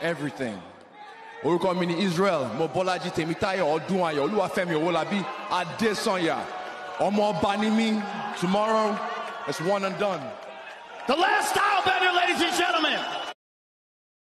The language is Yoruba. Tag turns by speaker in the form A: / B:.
A: everything. orúkọ mi ni Israel Mobọ́lájí Tèmítáyọ̀ Ọdúnayọ̀ Olúwafẹ́mi Owólabí Adésànyà ọmọ ọba ni mí tomorrow is one and done.